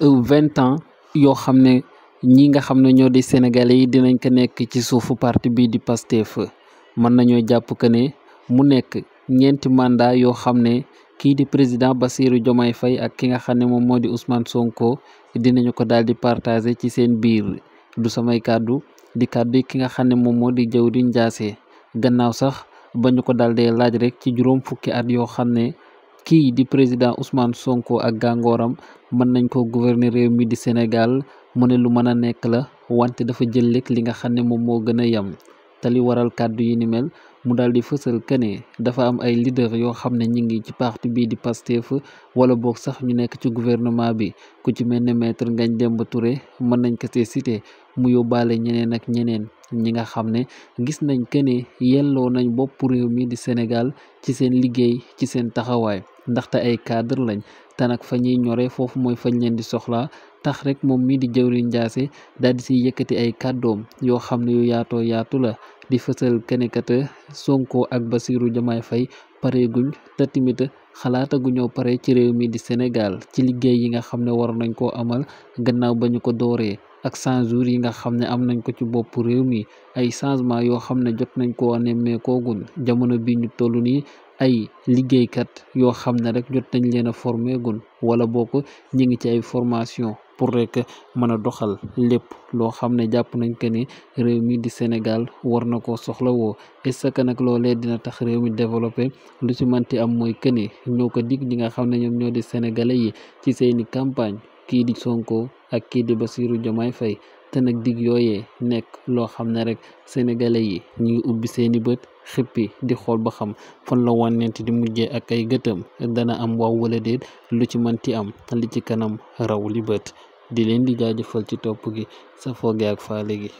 vingt ans yoo xam ne ñi nga xam ne ñoo di sénégalais yi dinañ ko nekk ci suufu parti bii di fa mën nañoo jàpp que ne mu nekk ñeenti mandat yoo xam ne kii di président Bassirou Diomaye fay ak ki nga xam ne moom moo di Ousmane Sonko dinañu ko daal di partager ci seen biir du samay kàddu di kàddu ki nga xam ne moom moo di jëw jëwriñ Ndiasse gannaaw sax ba ñu ko daal di laaj rek ci juróom fukki at yoo xam ne kii di président Ousmane Sonko ak gàngooram mën nañ koo gouverner réew mi di Sénégal mu ne lu mën a nekk la wante dafa jël lekk li nga xam ne moom moo gën a yem te li waral kàddu yi ni mel mu daal di fësal kane dafa am ay leader yoo xam ne ñi ngi ci parti bii di Pastef wala boog sax ñu nekk ci gouvernement bi ku ci mel ne maître Ngagne Demba Touré mën nañ ko see cité mu yóbbaale ñeneen ak ñeneen ñi nga xam ne gis nañ kane yelloo nañ bopp réew mii di Sénégal ci seen liggéey ci seen taxawaay ndaxte ay cadre lañ te nag fa ñuy ñoree foofu mooy fañ leen di soxla tax rek moom mii di jëwriñ Ndiassé daal di siy yëkkati ay kàddoom yoo xam ne yu yaatoo yaatu la di fësal kenekat Sonko ak Bassirou Diomaye fay pare guñ te timit xalaata gu ñoo pare ci réew mii di Sénégal ci liggéey yi nga xam ne war nañ koo amal gannaaw ba ñu ko dooree ak 100 yi nga xam ne am nañ ko ci bopp réew mii ay changement yoo xam ne jot nañ ko nemmeekooguñ jamono bi ñu toll ay liggéeykat yoo xam ne rek jot nañ leen a formé gun wala ko ñu ngi ci ay formation pour rek mën a doxal lépp loo xam ne jàpp nañ que ni réew mi di Sénégal war na koo soxla woo est que nag loolee dina tax réew mi développé lu si manti am mooy que ni ñoo ko dig ñi nga xam ne ñoom ñoo di sénégalais yi ci seeni campagne kii di sonkoo ak kii di Bassirou Diomaye fay te nag digg yooyee nekk loo xam ne rek sénégalais yi ñu ngi ubbi seeni bët xippi di xool ba xam fan la wànnent di mujjee ak ay gëtam dana am waaw wala déet lu ci mënti am li ci kanam raw li bët di leen di jaajëfal ci topp gi sa fooge ak faale gi